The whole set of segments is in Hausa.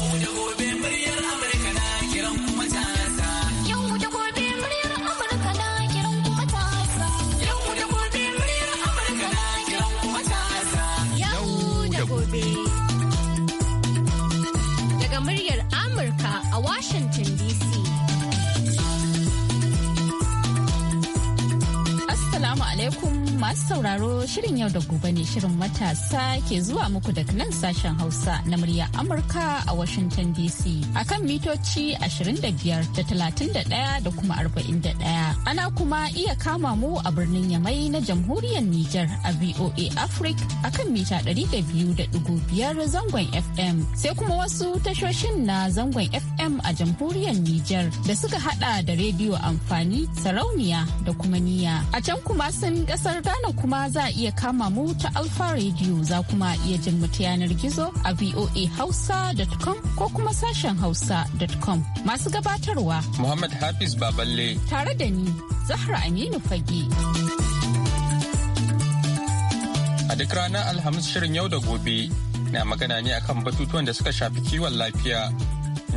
no, no. Shirin yau da gobe ne shirin matasa ke zuwa muku daga nan sashen Hausa na murya Amurka a Washington DC akan mitoci 25 da 31 da kuma 41. Ana kuma iya kama mu a birnin Yamai na jamhuriyar Nijar a VOA Africa akan mita 200.5 zangon FM sai kuma wasu tashoshin na zangon FM FM a jamhuriyar Nijar da suka hada da rediyo amfani sarauniya da kuma niya. A can kuma sun kasar Ghana kuma za a iya kama mu ta Alfa rediyo za kuma iya jin mu ta yanar gizo a voa Hausa.com ko kuma sashen hausa.com. Masu gabatarwa. Muhammad Hafiz Baballe. Tare da ni, Zahra Aminu Fage. A duk ranar Alhamis shirin yau da gobe na magana ne akan batutuwan da suka shafi kiwon lafiya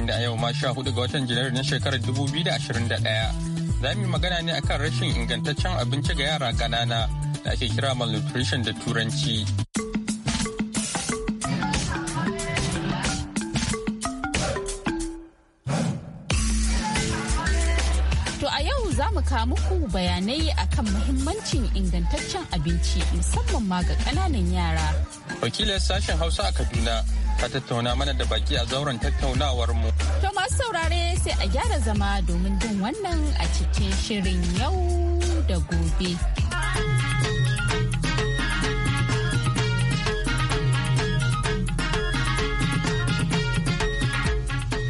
da a yau ma sha hudu ga watan janairu na shekarar 2021 za mu yi magana ne akan rashin ingantaccen abinci ga yara ƙanana da ake kira malnutrition da turanci. kawo muku bayanai akan muhimmancin ingantaccen abinci musamman ma ga ƙananan yara. Wakilar sashen Hausa a Kaduna ka tattauna mana da baki a zauren tattaunawar mu. To masu saurare sai a gyara zama domin jin wannan a cikin shirin yau da gobe.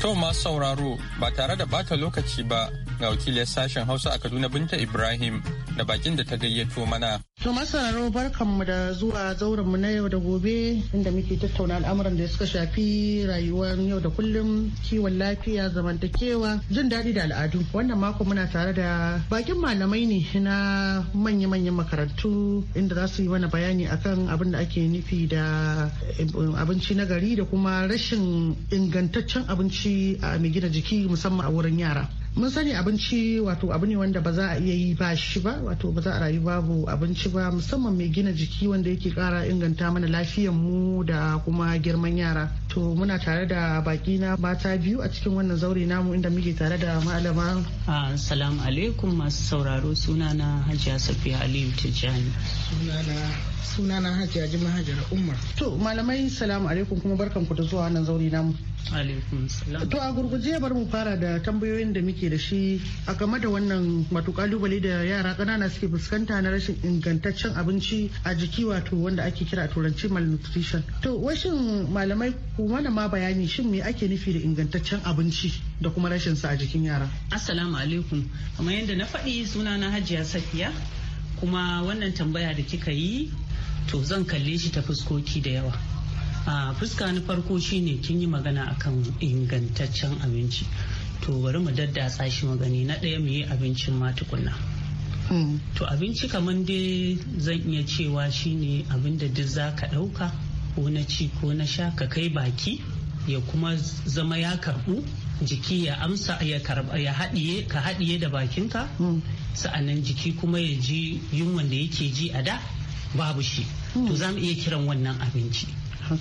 To masu sauraro ba tare da bata lokaci ba ga wakilin sashen Hausa a Kaduna Binta Ibrahim da bakin da ta gayyato mana. To masararo barkanmu da zuwa zaurenmu na yau da gobe inda muke tattauna al'amuran da suka shafi rayuwar yau da kullum kiwon lafiya zamantakewa jin daɗi da al'adu. Wannan mako muna tare da bakin malamai ne na manya-manyan makarantu inda za su yi mana bayani akan abin da ake nufi da eh, abinci na gari da kuma rashin ingantaccen abinci a mai gina jiki musamman a wurin yara. mun sani abinci wato abu ne wanda ba za a iya yi ba shi ba wato ba za a rayu babu abinci ba musamman mai gina jiki wanda yake kara inganta mana lafiyan mu da kuma girman yara to muna tare da baki na mata biyu a cikin wannan zaure namu inda muke tare da malama assalamu alaikum masu sauraro sunana hajiya safiya aliyu tijjani sunana hajiya jima hajara umar to malamai salamu alaikum kuma barkan ku da zuwa wannan zaure namu alaikum to a gurguje bar mu fara da tambayoyin da muke da shi a game da wannan wato kalubale da yara ƙanana suke fuskanta na rashin ingantaccen abinci a jiki wato wanda ake kira turanci malnutrition to washin malamai ku mana ma bayani shin me ake nufi da ingantaccen abinci da kuma rashin sa a jikin yara. Assalamu alaikum. Kamar yadda na faɗi suna na Hajiya Safiya kuma wannan tambaya da kika yi to zan kalle shi ta fuskoki da yawa. A fuska na farko shine kin yi magana akan ingantaccen abinci. To bari mu daddatsa shi magani na ɗaya mu yi abincin ma tukunna. Hmm. To abinci kamar dai zan iya cewa shine abin da duk za ka ɗauka. ko na ci ko na sha ka kai baki ya kuma zama ya karbu jiki ya amsa ya karba ya haɗiye ka haɗiye da bakinka mm. sa'annan jiki kuma ya ji yunwan da yake ji a da babu shi mm. to za mu iya kiran wannan abinci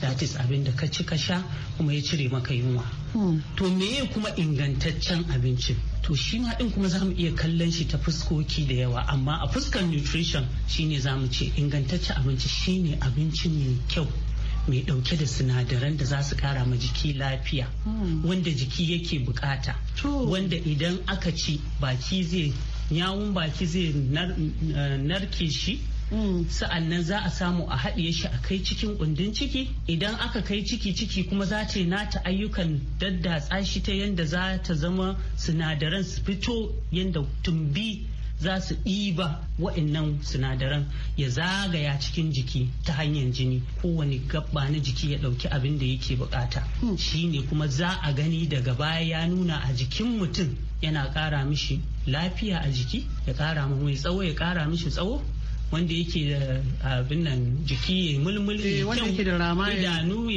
that is abin da ka ci ka sha kuma ya cire maka yunwa mm. to meye kuma ingantaccen abinci to shi ma din kuma za mu iya kallon shi ta fuskoki da yawa amma a fuskar nutrition shine za mu ce ingantaccen abinci shine abinci mai kyau mai dauke da sinadaran da za su kara ma jiki lafiya hmm. wanda jiki yake bukata wanda idan aka ci baki zai nyawun baki zai eh, narke shi hmm. sa'an nan za a samu a haɗiye shi a kai cikin kundin ciki idan aka kai ciki ciki kuma za ta yi nata ayyukan daddatsa shi ta yadda za ta zama sinadaran su fito yadda tumbi za su ɗiba wa'annan sinadaran ya zagaya cikin jiki ta hanyar jini kowane gabba na jiki ya ɗauki abin da yake bukata hmm. ne kuma za a gani daga baya ya nuna a jikin mutum yana ƙara mishi lafiya a jiki ya ƙara mai tsawo ya ƙara mishi tsawo wanda yake da abin nan jiki ya mulmul eh, idanu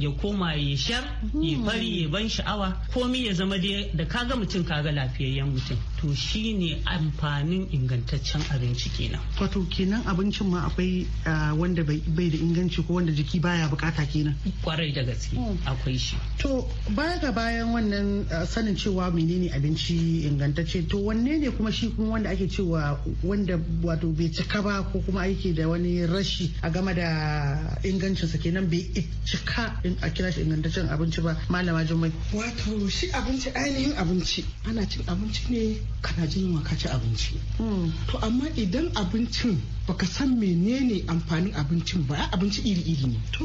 ya koma ya shar ya hmm. bari ya ban sha'awa komi ya zama da kaga mutum kaga lafiyayyen mutum to shine amfanin ingantaccen abinci kenan wato kenan abincin ma akwai ah, wanda bai da inganci ko wanda jiki baya bukata kenan kwarai da gaske hmm. akwai shi to baya ga bayan wannan ah, sanin cewa menene abinci ingantacce to wanne ne kuma shi kuma wanda ake cewa wanda wato bai cika ba ko kuma aiki da wani rashi a game da ingancinsa kenan bai cika a kira shi ingantaccen abinci ba malama jummai wato shi abinci ainihin abinci ana cin abinci ne kana jin yunwa ka ci abinci hmm. to amma idan abincin baka san menene amfanin abincin ba abinci iri-iri ne to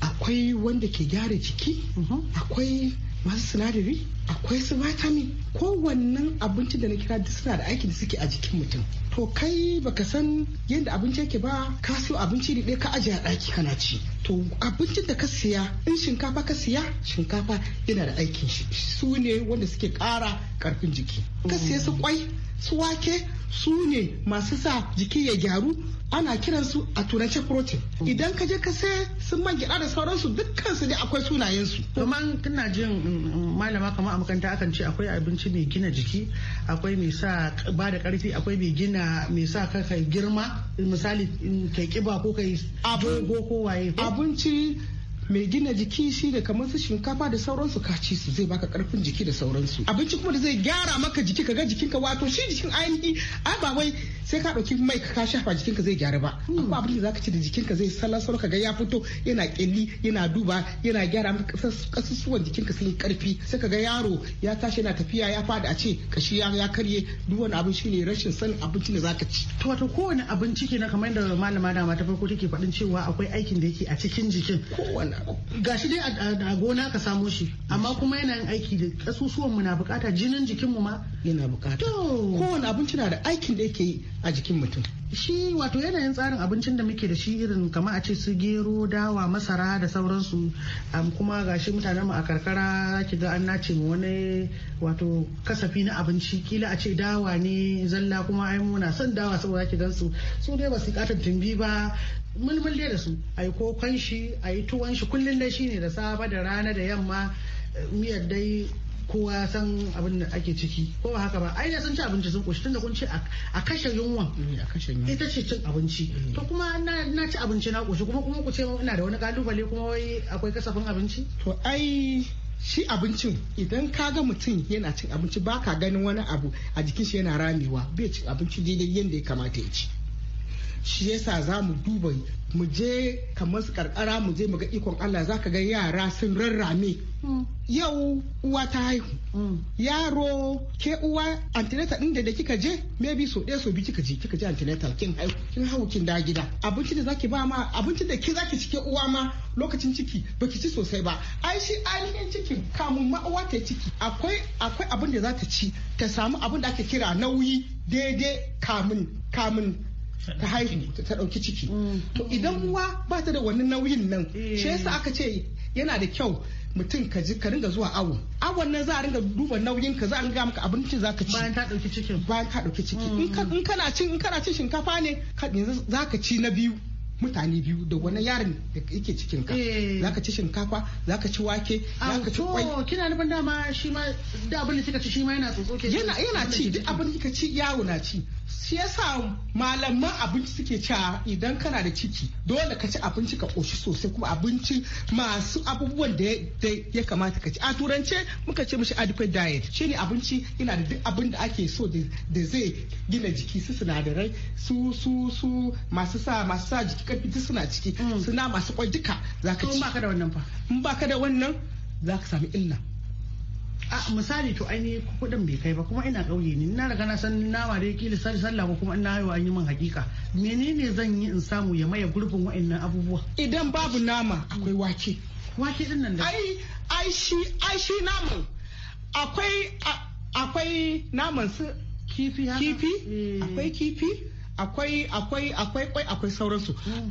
akwai wanda ke gyara jiki mm-hmm. akwai masu sinadari akwai su vitamin kowannen abincin da na kira duk suna da aiki da suke a jikin mutum to kai baka san yadda abinci yake ba ka siyo abinci da ka ajiye a ɗaki kana ci to abincin da ka siya in shinkafa ka siya shinkafa yana da aikin shi su ne wanda suke ƙara ƙarfin jiki ka siya su kwai su wake su ne masu sa jiki ya gyaru ana kiransu a turance protein idan ka je ka sai sun man gyaɗa da sauransu dukkan su ne akwai sunayensu kuma kana jin mm, malama kamar a makaranta akan ce akwai abinci mai gina jiki akwai mai sa ba da karfi akwai mai gina mai sa ka kai girma misali kai kiba ko kai dogo ko abinci mai gina jiki shi da kamar su shinkafa da sauransu ka ci su zai baka karfin jiki da sauransu abinci kuma da zai gyara maka jiki ka ga jikinka wato shi jikin ainihi a ba wai sai ka ɗauki mai ka shafa jikinka zai gyara ba hmm. akwai abin da zaka ci da jikinka zai salasar ka ga ya fito yana kyalli yana duba yana gyara maka kasusuwan jikinka sun karfi sai ka ga yaro ya tashi yana tafiya ya fada a ce kashi ya karye duk wani abin shine rashin sanin abinci da zaka ci to wato kowane abinci kenan kamar yadda malama da mata farko take faɗin cewa akwai aikin da yake a cikin jikin kowane gashi dai a gona ka samo shi amma kuma yana yin aiki da kasusuwan mu na bukata jinin jikin mu ma yana bukata kowane abinci na da aikin da yake yi a jikin mutum shi wato yanayin tsarin abincin da muke da shi irin kamar a ce su gero dawa masara da sauransu kuma gashi mutanen mu a karkara ki ga an nace wani wato kasafi na abinci kila a ce dawa ne zalla kuma ai muna son dawa saboda ki gansu su dai ba su katon tumbi ba mulmul da su a yi kokon shi a yi tuwon shi kullum dai shine da safe da rana da yamma eh, miyar dai kowa ya san abin da ake ciki ko ba haka ba ai da sun ci abinci sun koshi tunda kun ce a mm, kashe yunwa. ita ce cin abinci mm. to kuma na ci abinci na koshi kuma kuma ku ce ina da wani kalubale kuma wai akwai kasafin abinci to ai shi abincin idan ka ga mutum yana cin abinci ba ka ganin wani abu a jikin shi yana ramewa bai cin abinci daidai yadda ya kamata ya ci shi yasa za mu duba mu je kamar su karkara mu je mu ga ikon Allah za ka ga yara sun rarrame hmm. yau uwa ta haihu hmm. yaro ke uwa antenatal din da kika je maybe so ɗaya so biyu kika je kika je antenatal kin haihu kin hawo kin da gida abinci da zaki ba ma abinci da ke zaki cike uwa ma lokacin ciki baki ci sosai ba ai shi ainihin ciki kamun ma uwa ta ciki akwai akwai abin da za ta ci ta samu abin da ake kira nauyi daidai kamun kamun ta haihu ta dauki ciki mm. to idan uwa ba ta da wani nauyin nan eh. shi yasa aka ce yana da kyau mutum ka ji ka ringa zuwa awo awon nan za a ringa duba nauyin ka za a ringa maka abinci za ka ci bayan ka dauki ciki bayan ka dauki ciki mm. in kana cin in kana cin shinkafa ne za ka ci na biyu mutane biyu da wani yaron da yake cikin ka eh. za ka ci shinkafa za ka ci wake za ka ci kwai kina nufin dama shi ma da abin da kika ci shi ma yana tsotso ke yana yana ci duk abin da kika ci yawo na ci shi yasa malaman abinci suke cewa idan kana da ciki dole ka ci abinci ka koshi sosai kuma abinci masu abubuwan da ya kamata ka ci a turance muka ce mishi adequate diet ne abinci yana da duk abin da ake so da zai gina jiki su sinadarai su su su masu sa masu sa jiki karfi duk suna ciki suna masu kwai duka zaka ci ba ka da wannan ba in ka da wannan zaka sami illa a misali to ainihin kuɗin bai kai ba kuma ina ƙauye ne na riga na san na ware kila sallah ba kuma ina haihuwa an yi min hakika menene zan yi in samu ya maye gurbin wa'annan abubuwa idan babu nama akwai wake wake din nan da ai ai shi ai shi nama akwai akwai naman su kifi kifi eh. akwai kifi akwai akwai akwai akwai akwai sauransu mm.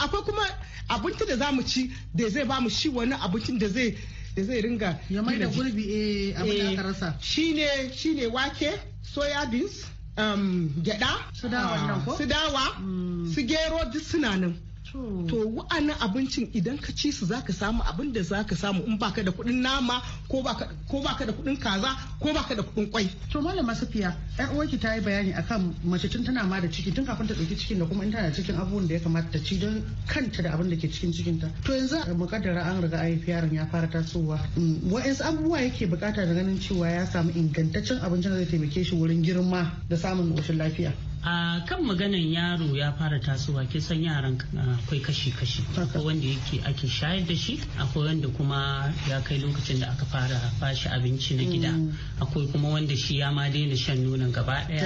akwai kuma abinci da zamu ci da zai bamu shi wani abincin da zai da zai ringa ya mai da gurbi eh abin da eh, aka rasa shine wake soya beans um, gyada su dawa ah, mm. su gero duk suna nan to wa'anin abincin idan ka ci su zaka samu abin da zaka samu in baka da kuɗin nama ko baka da kuɗin kaza ko baka da kuɗin kwai to malama safiya yar uwarki ta yi bayani akan mace tun tana ma da ciki tun kafin ta ɗauki cikin da kuma in tana cikin abubuwan da ya kamata ta ci don kanta da abin da ke cikin cikinta to yanzu a mukaddara an riga an yaron ya fara tasowa mm, wa'ansu abubuwa yake bukata da ganin cewa ya samu ingantaccen abincin da zai taimake shi wurin girma da samun koshin lafiya a kan maganan yaro ya fara tasowa ke san yaran akwai kashi-kashi akwai wanda yake ake shayar da shi akwai wanda kuma ya kai lokacin da aka fara bashi abinci na gida mm. akwai kuma wanda shi ya ma daina shan nonon gaba daya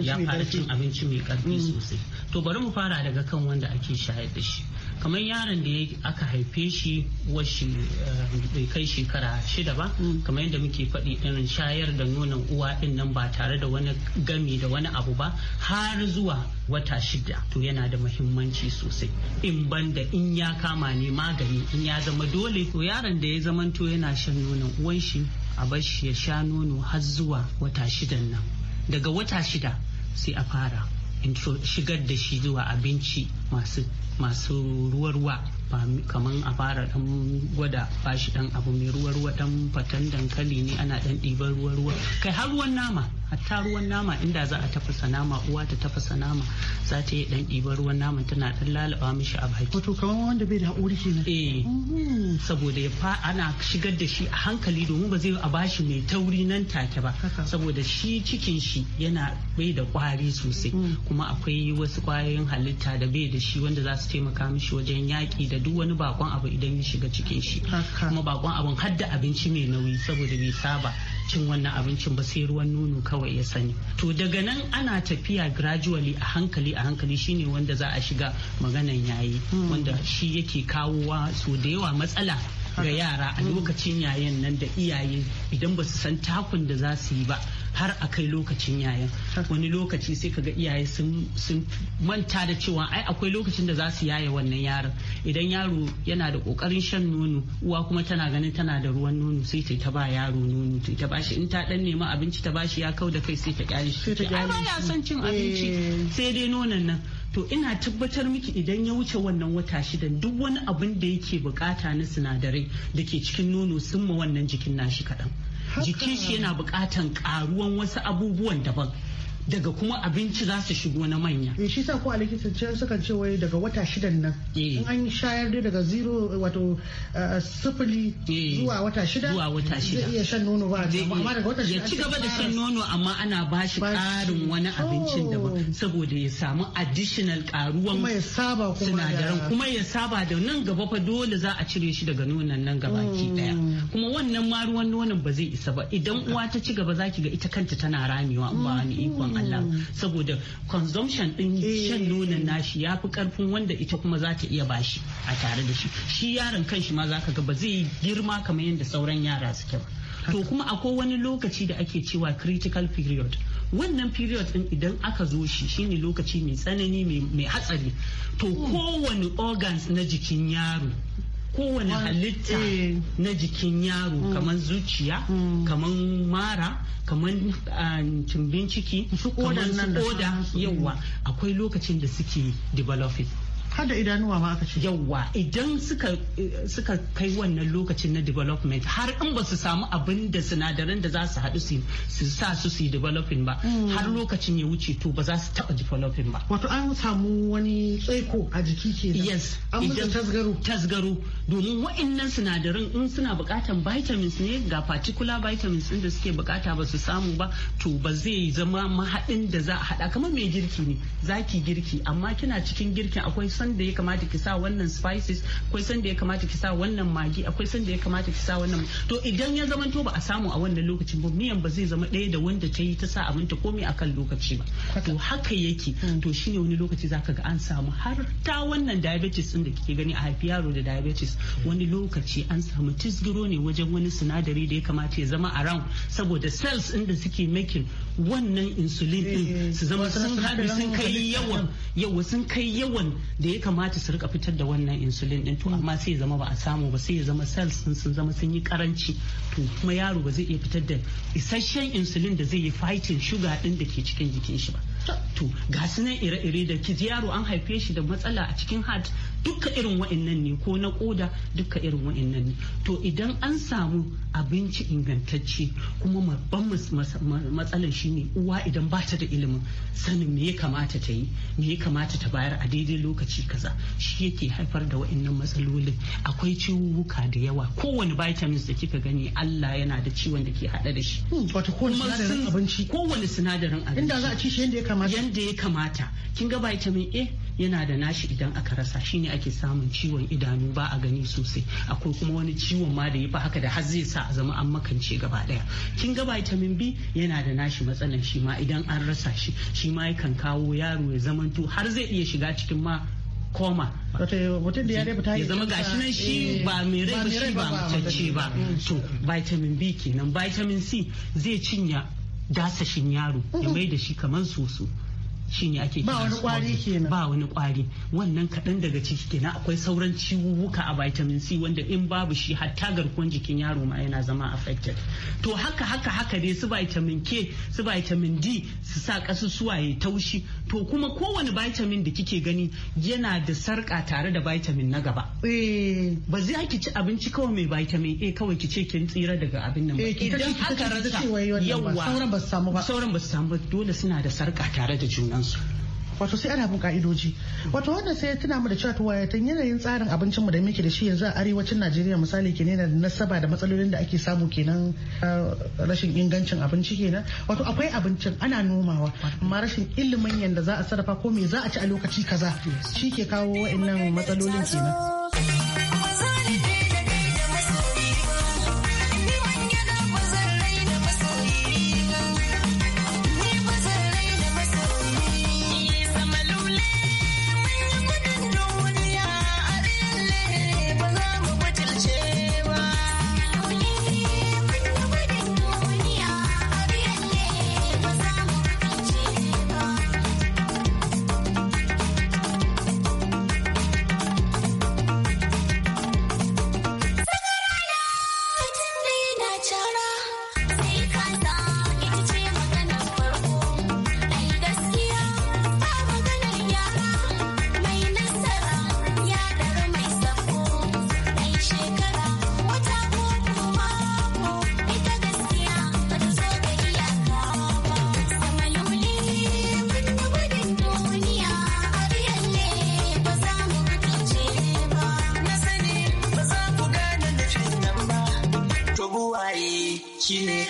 ya fara cin abinci mai karfi mm. sosai to bari mu fara daga kan wanda ake shayar da shi kamar yaron da aka haife shi washi eh, bai kai shekara shida ba mm. kamar yadda muke faɗi irin shayar da nonon uwa ɗin nan ba tare da wani gami da wani abu ba har zuwa wata shida to yana da mahimmanci sosai in banda in ya kama ne magani in ya zama dole to yaron da ya zamanto yana shan nonon uwan shi a bar shi ya sha nono har zuwa wata shidan nan daga wata shida sai a fara shigar da shi zuwa abinci masu ruwa-ruwa kaman a fara dan gwada bashi dan abu mai ruwa ruwa dan fatan dankali ne ana dan ɗiban ruwa ruwa kai har ruwan nama hatta ruwan nama inda za a tafasa nama uwa ta tafasa nama za ta yi dan ɗiban ruwan naman tana dan lalaba mishi a baki wato kaman wanda bai da haƙuri kenan eh mm-hmm. saboda ya fa ana shigar da shi a hankali domin ba zai a bashi mai tauri nan take ba saboda shi cikin shi yana bai da kwari sosai mm. kuma akwai wasu kwayoyin halitta da bai da shi wanda za su taimaka mishi wajen yaƙi da duk wani bakon abu idan ya shiga cikin shi kuma bakon abun har da abinci mai nauyi saboda bai saba cin wannan abincin ba sai ruwan nono kawai ya sani to daga nan ana tafiya gradually a hankali a hankali shine wanda za a shiga maganan yayi hmm. wanda shi yake kawowa so da yawa matsala ga yara a lokacin yayin nan da iyaye idan ba su san takun da za su yi ba har a kai lokacin yayan wani lokaci sai kaga iyaye sun manta da cewa ai akwai lokacin da za su yaye wannan yaron idan yaro yana da kokarin shan nono uwa kuma tana ganin tana da ruwan nono sai ta ta ba yaro nono ta ta bashi in ta dan nema abinci ta bashi ya kau da kai sai ta kyale shi ai ba ya son cin abinci eh. sai dai nonon nan to ina tabbatar miki idan ya wuce wannan wata shida duk wani abin da yake bukata na sinadarai da ke cikin nono sun ma wannan jikin nashi kaɗan. jikin shi yana bukatan karuwan wasu abubuwan daban daga kuma abinci za su shigo na manya. E shi sa ko a likitancen suka ce wai daga wata shidan nan. Eh. In an shayar dai daga zero eh, wato sifili zuwa wata shida. Zuwa wata shida. Zai iya shan nono ba amma daga wata shida. Ya ci gaba da shan nono amma ana ba shi ƙarin wani abincin oh. ba. saboda ya samu additional ƙaruwan sinadaran kuma ya saba da nan gaba fa dole za a cire shi daga nonon nan gaba ki daya. Hmm. Kuma wannan maruwan nonon ba zai isa ba idan uwa ta ci gaba za ki ga ita kanta tana ramewa ba ni ikon Allah mm. saboda consumption din eh. shan nonon nashi ya fi karfin wanda ita kuma za ta iya bashi a tare da shi shi yaron kan shi ma za ka ga ba zai girma kamar yadda sauran yara suke ba to kuma akwai wani lokaci da ake cewa critical period wannan period din idan aka zo shi shine lokaci mai tsanani mai hatsari to mm. kowane organs na jikin yaro kowane halitta eh. na jikin yaro hmm. kamar zuciya hmm. kamar mara kamar ah, cimbin ciki kamar koda yawa akwai lokacin da suke developing da idanuwa ma aka ce Yawwa idan suka suka kai wannan lokacin na development har in ba su samu abin da sinadaran da za su haɗu su sa su su developing ba hmm. har lokacin ya wuce to ba za su taɓa developing ba wato an samu wani tsaiko a jiki ke yes Idan tasgaro tasgaro domin wa'annan sinadaran in suna buƙatan vitamins ne ga particular vitamins din da suke buƙata ba su samu ba to ba zai zama mahaɗin da za a haɗa kamar mai girki ne zaki girki amma kina cikin girkin akwai san sanda ya kamata ki sa wannan spices akwai sanda ya kamata ki sa wannan magi akwai sanda ya kamata ki sa wannan to idan ya zama to ba a samu a wannan lokacin ba miyan ba zai zama ɗaya da wanda ta yi ta sa abin ta komai akan lokaci ba to haka yake hmm. to shine wani lokaci zaka ga an samu har ta wannan diabetes din da kike gani a haifi yaro da diabetes wani lokaci an samu tisgiro ne wajen wani sinadari da ya kamata ya zama a ran saboda cells din da suke making wannan insulin din eh, eh. su zama sun haɗu sun kai yawan yawa sun kai yawan da ya kamata su rika fitar da wannan insulin din to mm. amma sai zama ba a samu ba sai ya zama cells sun sun zama sun yi karanci to kuma yaro ba zai iya fitar da isasshen insulin da zai yi fighting sugar din da ke cikin jikin shi ba to ga su nan ire-ire da ki yaro an haife shi da matsala a cikin heart duka irin wa'annan ne ko na koda duka irin wa'annan ne to idan an samu abinci ingantacce kuma babban matsalar shine uwa idan ba ta da ilimin sanin me ya kamata ta yi me ya kamata ta bayar a daidai lokaci kaza shi yake haifar da wa'annan matsalolin akwai ciwuwuka da yawa kowane vitamins da kika gani Allah yana da ciwon da ke hada da shi hmm, wato kowane sinadarin abinci kowane sinadarin abinci inda za a ci shi yadda ya yanda ya kamata kin ga vitamin A yana da nashi idan aka rasa shine ake samun ciwon idanu ba a gani sosai akwai kuma wani ciwon ma da ya fi haka da har zai sa a zama an makance gaba daya kin ga vitamin B yana da nashi matsalan shi ma idan an rasa shi shi ma yakan kawo yaro ya zamanto har zai iya shiga cikin ma koma mutum da ya rai ta ya zama gashi nan shi eh, ba mai rai ba shi ba mutacce ba to vitamin B kenan vitamin C zai cinya dasashin yaro ya mai da shi kamar soso shine ake ba wani kwari ba wani kwari wannan kaɗan daga ciki kenan akwai sauran ciwuwuka a vitamin C wanda in babu shi hatta garkuwar jikin yaro ma yana zama affected to haka haka haka dai su vitamin K su vitamin D su sa kasusuwa ya taushi to kuma kowane vitamin da kike gani yana da sarka tare da vitamin na gaba eh. ba zai ki ci abinci kawai mai vitamin A kawai ki ce kin tsira daga abin nan ba eh, idan aka rasa yawa sauran ba su samu ba sauran ba su samu dole suna da sarka tare da junansu wato sai ana bin ka'idoji wato wannan sai tuna mu da cewa to wayatan yanayin tsarin abincin mu da muke da shi yanzu a arewacin Najeriya misali kenan da nasaba da matsalolin da ake samu kenan ah, rashin ingancin abinci kenan wato akwai abincin ana nomawa amma rashin ilimin yanda za a sarrafa ko me za a ci a lokaci kaza shi ke kawo wa'annan matsalolin kenan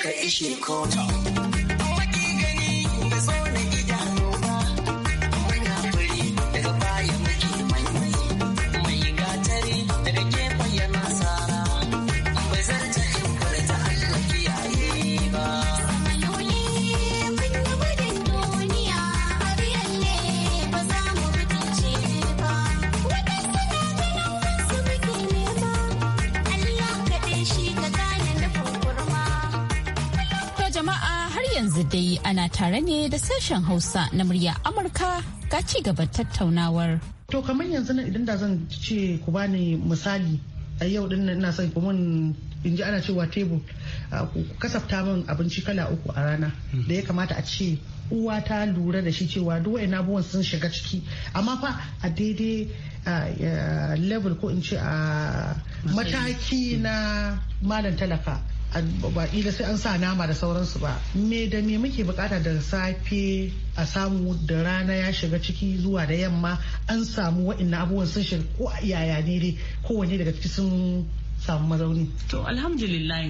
ka ishe kota. tare ne da sashen Hausa na murya Amurka ga ci gaban tattaunawar. To kamar yanzu nan idan da zan ce ku bani misali a yau din na ina son ku mun in ji ana cewa tebur ku kasafta min abinci kala uku a rana hmm. da ya kamata a ce uwa ta lura da shi cewa duk wani abubuwan sun shiga ciki amma fa a daidai level ko in ce a mataki na malam talaka ba ila sai an sa nama da sauransu ba me da me muke bukata da safe a samu da rana ya shiga ciki zuwa da yamma an samu wa'annan abubuwan sun shiga ko yaya ne dai kowanne daga cikin sun samu mazauni. To alhamdulillah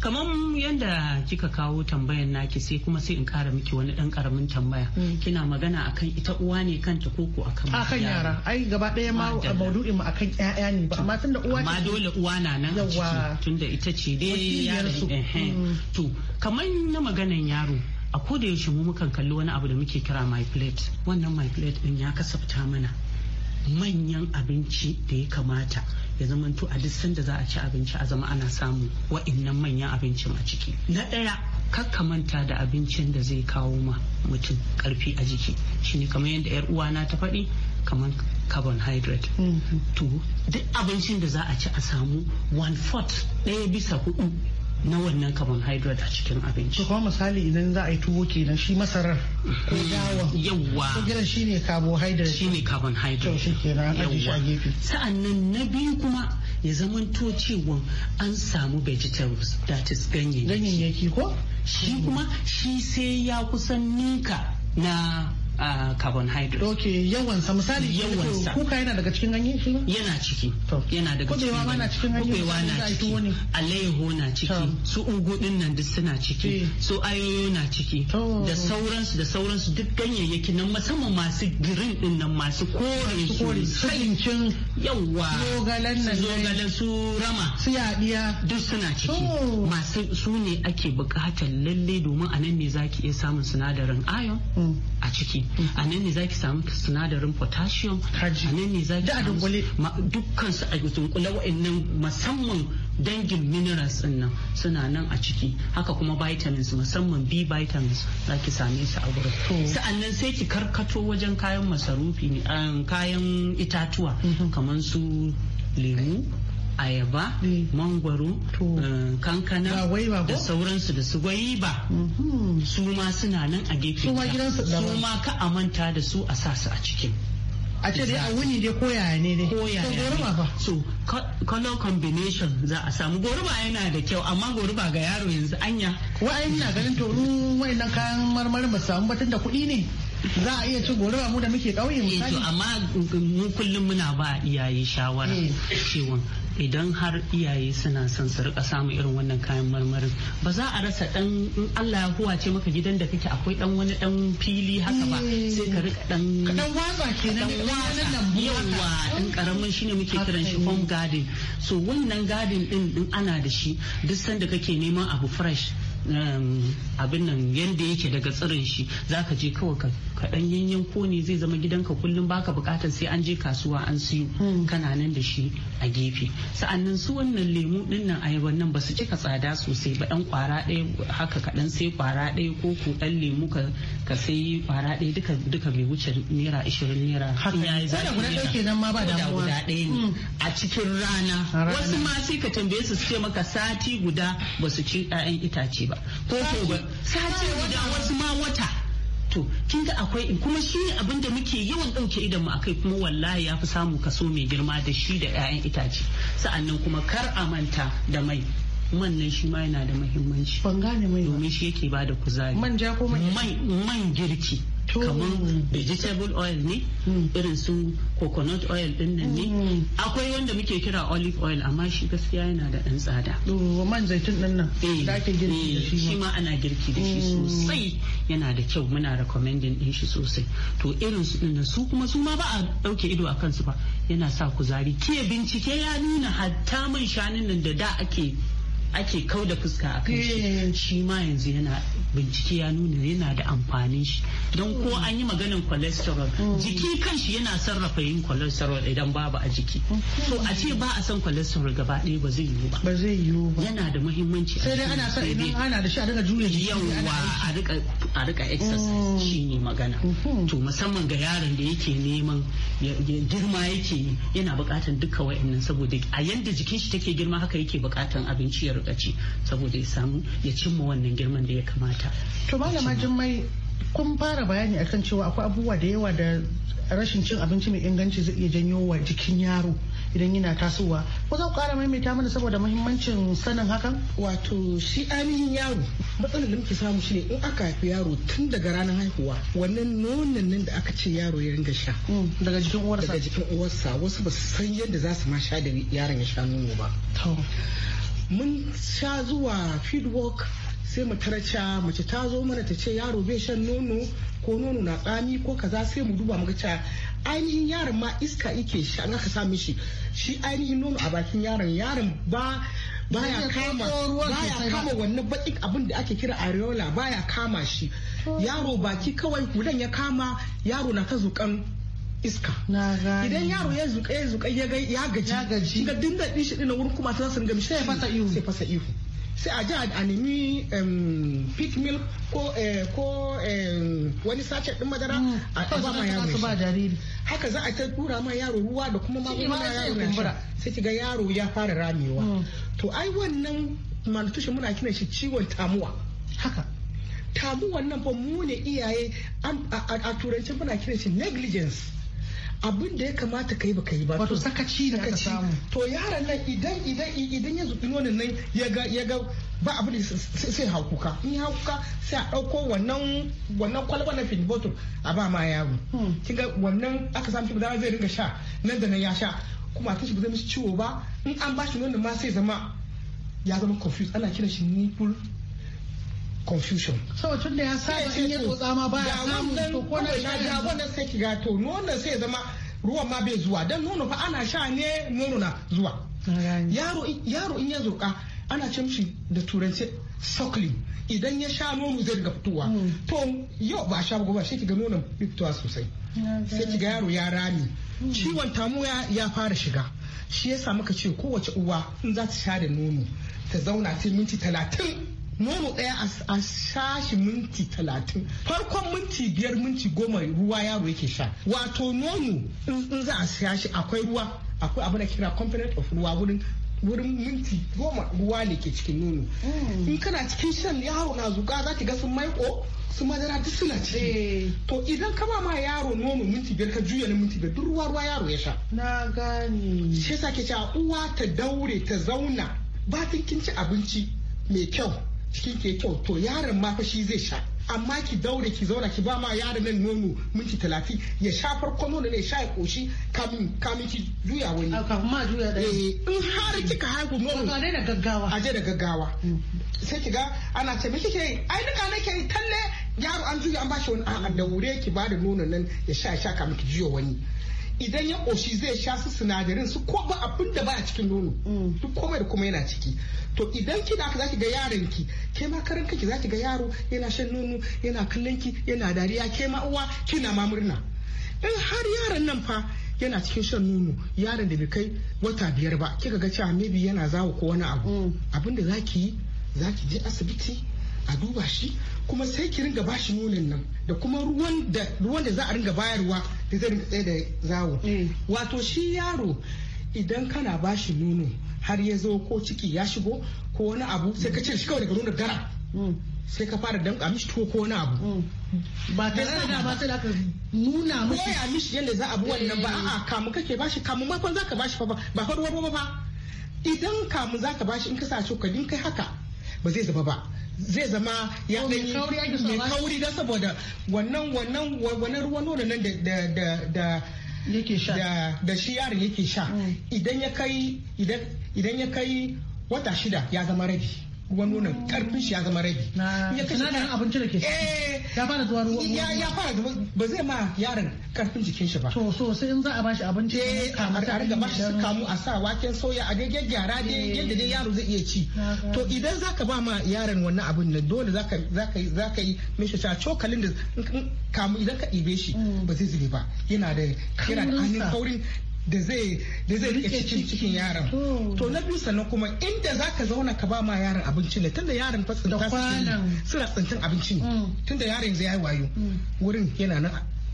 kamar yadda kika kawo tambayan naki sai kuma sai in kara miki wani dan karamin tambaya. Mm. Kina magana akan ita uwa ne kanta ko ko akan Akan yara ai gaba ɗaya ma maudu'in mu akan ƴaƴa ne ba amma tunda uwa Amma dole uwa na nan a tunda ita ce dai yaron mm. to kamar na maganan yaro a koda yaushe mu mukan kalli wani abu da muke kira my plate wannan my plate din ya kasafta mana manyan abinci da ya kamata ya to a duk sanda za a ci abinci a zama ana samun wa'innan manyan abincin a ciki na ɗaya manta da abincin da zai kawo ma mutum karfi a jiki shine kamar yadda yar uwana ta faɗi kamar carbohydrate mm-hmm. to duk abincin da za a ci a samu one fourth ɗaya bisa hudu na wannan carbohydrate a cikin abinci. kuma misali idan za a yi tuwo kenan shi masarar ko dawa. Yawwa. Ko gidan shi ne carbohydrate. Shi ne carbohydrate. Kyau shi kenan an shi a gefe. Sa'annan na biyu kuma ya zamanto cewa an samu vegetables that is ganyayyaki. Ganyayyaki ko? Shi kuma shi sai ya kusan ninka na a hydrate. Ok yawan sa misali yawan sa kuka yana daga cikin ganye shi Yana ciki. Yana daga cikin ganye. na cikin ganye. Kubewa na ciki. Alayyaho na ciki. Su ugu din nan duk suna ciki. Eh. Su ayoyo na ciki. Da sauransu da sauransu duk ganyayyaki nan musamman masu girin din nan masu kore su. Kore su linkin. Yawwa. Zogalen nan. Zogalen su rama. Su yaɗiya. Duk suna ciki. Masu su ne ake buƙatar lalle domin a nan ne zaki iya samun sinadarin ayon. Mm. A ciki a nan ne zaki samu sinadarin potassium a nan ne zaki samu dukkan su a dunkule wa'annan musamman dangin minerals din nan suna nan a ciki haka kuma vitamins musamman b vitamins zaki same su a wurin sa'annan sai ki karkato wajen kayan masarufi ne um, kayan itatuwa mhm. kamar su lemu ayaba eh. mangwaro eh, kankana da sauransu da su gwaiba mhm. su ma suna nan a gefe su ma ka a manta da su a sa su a cikin a ce dai a wuni dai koyaya ne dai koyaya ne so color combination za a samu goruba yana da kyau amma goruba ga yaro yanzu anya wa'ayin na ganin to nan kayan marmarin ba samu batun da kuɗi ne za a iya ci goruba mu da muke eh, mu sani amma mu kullum muna ba iyaye shawara eh. cewa idan har iyaye suna son su rika samun irin wannan kayan marmarin ba za a rasa dan in Allah ya huwace maka gidan da kake akwai dan wani dan fili haka ba eh. sai ka rika dan dan waza kenan wannan lambu yawa dan karamin shine muke kiran shi home garden so wannan garden din din ana da shi duk sanda kake neman abu fresh Um, abin nan yadda yake daga tsirin shi zaka je kawai ka dan yanyan ne zai zama gidanka kullum baka bukatar sai an je kasuwa an siyo hmm. kana nan da shi a gefe sa'annan su wannan lemu din nan ayaban nan basu cika tsada sosai ba dan kwara ɗaya haka kaɗan sai kwara ɗaya ko ko dan lemu ka ka sai kwara ɗaya duka duka bai wuce naira 20 naira haka yayi zai guda ma ba damuwa guda ɗaya ne hmm. a cikin rana wasu ma sai ka tambaye su su ce maka sati guda basu ci ɗayan itace ba ba ko ko ba guda wasu ma wata to kin ga akwai kuma shi ne abin da muke yawan ɗauke idan mu akai kuma wallahi ya fi samu kaso mai girma da shi da 'ya'yan itace sa'annan kuma kar a manta da mai man nan shi ma yana da muhimmanci ban gane mai domin shi yake ba da kuzari manja ko mai man girki kamar vegetable oil ne hmm. irin su coconut oil din nan ne hmm. akwai wanda muke kira olive oil amma shi gaskiya yana da ɗan tsada man zaitun din nan da eh, ake girki da eh, shi shi ma ana girki da shi hmm. sosai yana da kyau muna recommending din shi sosai to irin su din su kuma su ma ba a ɗauke ido a kansu ba yana sa kuzari ke bincike ya nuna hatta man shanun nan da da ake ake kau da fuska a kan shi eh, shi ma yanzu yana bincike ya nuna yana da amfani shi don ko mm. an yi maganin cholesterol mm. jiki kanshi yana sarrafa yin cholesterol idan babu a jiki so a ce ba a san cholesterol gaba ɗaya ba zai yiwu ba ba zai yiwu ba yana da muhimmanci sai dai ana san idan ana da shi a rika jure jiki yawa a rika a rika exercise shine magana mm-hmm. to musamman ga yaron da yake neman girma yake yana buƙatar duka wa'annan saboda a yanda jikin shi take girma haka yake buƙatar abinci ya rika saboda ya samu ya cimma wannan girman da ya kamata to malama jummai kun fara bayani akan cewa akwai abubuwa da yawa da rashin cin abinci mai inganci zai iya janyo wa jikin yaro idan yana tasowa ko za ku kara maimaita mana saboda muhimmancin sanin hakan wato shi ainihin yaro matsalar da muke samu shine in aka haifi yaro tun daga ranar haihuwa wannan nonon nan da aka ce yaro ya ringa sha mm, daga jikin uwarsa daga jikin uwarsa wasu ba su san yadda za su ma sha da yaron ya sha nono ba mun sha zuwa feedwork sai mu tarca mace ta zo mana ta ce yaro bai shan nono ko nono na tsami ko kaza sai mu duba mu ga ainihin yaron ma iska yake shi an aka sa mishi shi ainihin nono a bakin yaron yaron ba baya kama baya kama wannan bakin abin da ake kira areola baya kama shi oh. yaro baki kawai kudan ya kama yaro na ta zukan iska idan yaro ya zuka ya zuka ya gaji ga dinga ɗin shi dinnan wurin kuma ta sun gami sai fasa ihu sai fasa ihu sai a ji a nemi pig milk ko eh, ko wani sachet din madara mm. a ba ma yaro shi. ba jariri haka za a ta tura ma yaro ruwa da kuma magunguna yaro na sha sai kiga yaro ya fara ramewa mm. to ai wannan malnutrition muna kina shi ciwon tamuwa haka tamu wannan ba mu ne iyaye a turanci muna kiran shi negligence abin da ya kamata ka yi baka yi ba to sakaci da ka samu to yaran nan idan idan idan ya zubi wannan nan ya ga ya ga ba abin da sai haukuka in haukuka sai a ɗauko wannan wannan kwalba na fin bottle a ba ma yaro hmm. kin ga wannan aka samu shi ba zai ringa sha nan da nan ya sha kuma a shi ba zai mishi ciwo ba in an ba shi wannan ma sai zama ya zama confused ana kiran shi nipple confusion. So tun da ya saba in ya tsotsa ma ba ya samu to ko na sha ja wannan sai ki to sai zama ruwan ma bai zuwa dan nono fa ana sha ne nono na zuwa. Yaro yaro in ya zurka ana ce mishi da turanci suckling idan ya sha nono zai ga fitowa. Hmm. To yau ba sha ba shi ki ga nonon fitowa sosai. Sai ki yaro ya rami. Hmm. Ciwon tamuwa ya fara shiga. Shi yasa muka ce kowace uwa in za ta sha da nono ta zauna ta minti talatin nono ɗaya a sashi minti talatin farkon minti biyar minti goma ruwa yaro yake sha wato nono in za a shi akwai ruwa akwai abu da kira component of ruwa wurin wurin minti goma ruwa ne ke cikin nono mm. in kana cikin shan yaro na zuga za ki ga sun maiko su madara duk suna ciki eh. to idan ka ma yaro nono minti biyar ka juya na minti biyar duk ruwa ruwa yaro ya sha na gane shi yasa ke cewa uwa ta daure ta zauna batun kin ci abinci mai kyau cikin ke kyau to yaron ma shi zai sha amma ki daure ki zauna ki ba ma yaron nan nono minti talatin ya sha farko nono ne sha ya koshi kamin kamin ki juya wani ah, kafin ma juya da eh, in har kika haihu nono a da gaggawa aje da gaggawa mm. sai ki ga ana ce miki kike yi ai duka nake talle yaro an juya an bashi wani a'a da wure ki ba da nono nan ya sha ya sha kamin ki juya wani idan ya koshi zai sha su sinadarin su ko ba abin da ba a cikin nono mm. duk komai da kuma yana ciki to idan kina ka zaki ga yaron ki ke ma karan Za zaki ga yaro yana shan nono yana kallon ki yana dariya ke ma uwa kina ma murna in har yaron nan fa yana cikin shan nono yaron da bai kai wata biyar ba kika ga cewa maybe yana zawo ko wani abu mm. abin da zaki yi zaki je asibiti a duba shi kuma sai ki ringa bashi nonin nan da kuma ruwan da ruwan da za a ringa bayarwa da zai ringa tsaye da zawo mm. wato shi yaro idan kana bashi nono har ya zo ko ciki ya shigo ko wani abu sai ka cire shi kawai daga nonon gara mm. sai ka fara danka mishi tuwo ko wani abu mm. ba ta tare da ba ta ka nuna mishi ya mishi yadda za a bi wannan ba eh. a kamu kake bashi kamu makon za ka bashi fa ba fa ba ba idan kamu ka bashi in ka sa kai haka ba zai zaba ba zai zama ya mai kauri da saboda wannan wannan wannan ruwan nono nan da da shi yaron yake sha mm. idan ya kai wata shida ya zama rabi ruwan nonon karfin shi ya zama rabi ya kashe sinadarin abinci da ke eh. ya fara zuwa ruwan ya ya fara ba zai ma yaron karfin jikin shi ba to so sai in za a bashi abinci eh a riga bashi su kamu a sa waken soya a dai gyara dai eh. yadda dai yaro zai iya ci to idan zaka ba ma yaron wannan abin ne dole zaka zaka zaka yi mishi ta cokalin da kamu idan ka ibe shi mm. ba zai zube ba yana da yana da kaurin da zai da zai rike cikin yaran. yaron to na biyu sannan kuma inda zaka zauna ka ba ma yaron abinci ne tunda yaron fa tsinta suna tsintin abinci ne mm. tunda yaron zai yi wayo mm. wurin yana na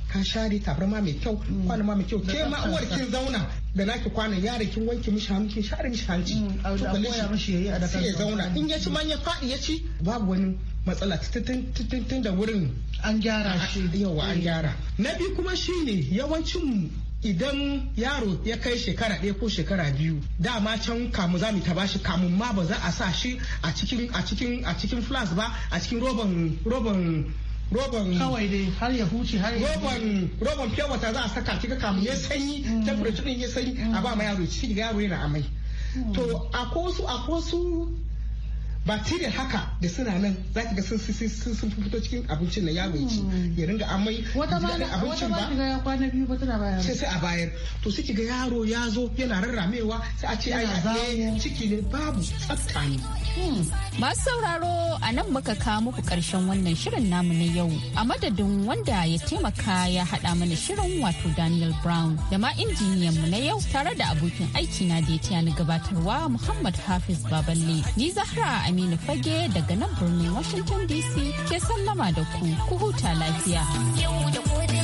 ka share tabarma mai kyau mm. kwana ma mai kyau ke ma uwar kin zauna da naki kwana yara kin wanke mishi hannu kin share mishi hanci to kalle shi sai ya zauna in ya ci man ya fadi ya ci babu wani matsala tun da wurin an gyara shi yawa an gyara na biyu kuma shine yawancin idan yaro ya kai shekara ɗaya ko shekara biyu dama can kamu za mu ta bashi kamun ma ba za a sa shi a cikin a cikin a cikin flask ba a cikin roban roban roban kawai dai har ya huce har ya roban roban pure za a saka kika kamun ya sanyi mm. temperature din ya sanyi a ba ma yaro ciki ga yaro yana amai mm. to a ko su a ko su bacteria haka da suna nan za ki ga sun sun fito cikin abincin na yawon ci hmm. ya ringa amai wata abincin ba ya kwana biyu ba tana bayar sai sai a bayar to suke ga yaro ya zo yana rarramewa sai a ce ai eh, ciki ne babu tsafta hmm. masu sauraro a nan muka kawo muku karshen wannan shirin namu na yau a madadin wanda ya taimaka ya haɗa mana shirin wato Daniel Brown da ma injiniyan mu na yau tare da abokin aiki na da ya ni gabatarwa Muhammad Hafiz Baballe ni Zahra Aminu Fage daga nan birnin Washington DC ke sallama da ku, ku huta lafiya. Yau da